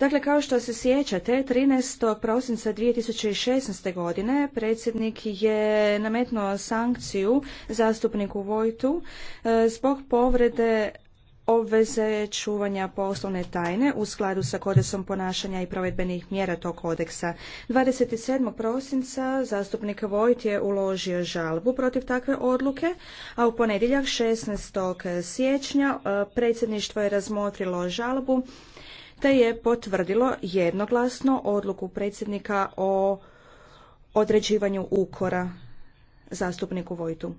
Dakle, kao što se sjećate, 13. prosinca 2016. godine predsjednik je nametnuo sankciju zastupniku Vojtu e, zbog povrede obveze čuvanja poslovne tajne u skladu sa kodeksom ponašanja i provedbenih mjera tog kodeksa. 27. prosinca zastupnik Vojt je uložio žalbu protiv takve odluke, a u ponedjeljak 16. siječnja e, predsjedništvo je razmotrilo žalbu te je potvrdilo jednoglasno odluku predsjednika o određivanju ukora zastupniku Vojtu.